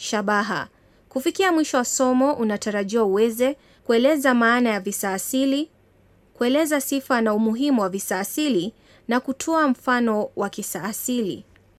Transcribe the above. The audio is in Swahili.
Shabaha: kufikia mwisho wa somo, unatarajiwa uweze kueleza maana ya visa asili, kueleza sifa na umuhimu wa visa asili na kutoa mfano wa kisa asili.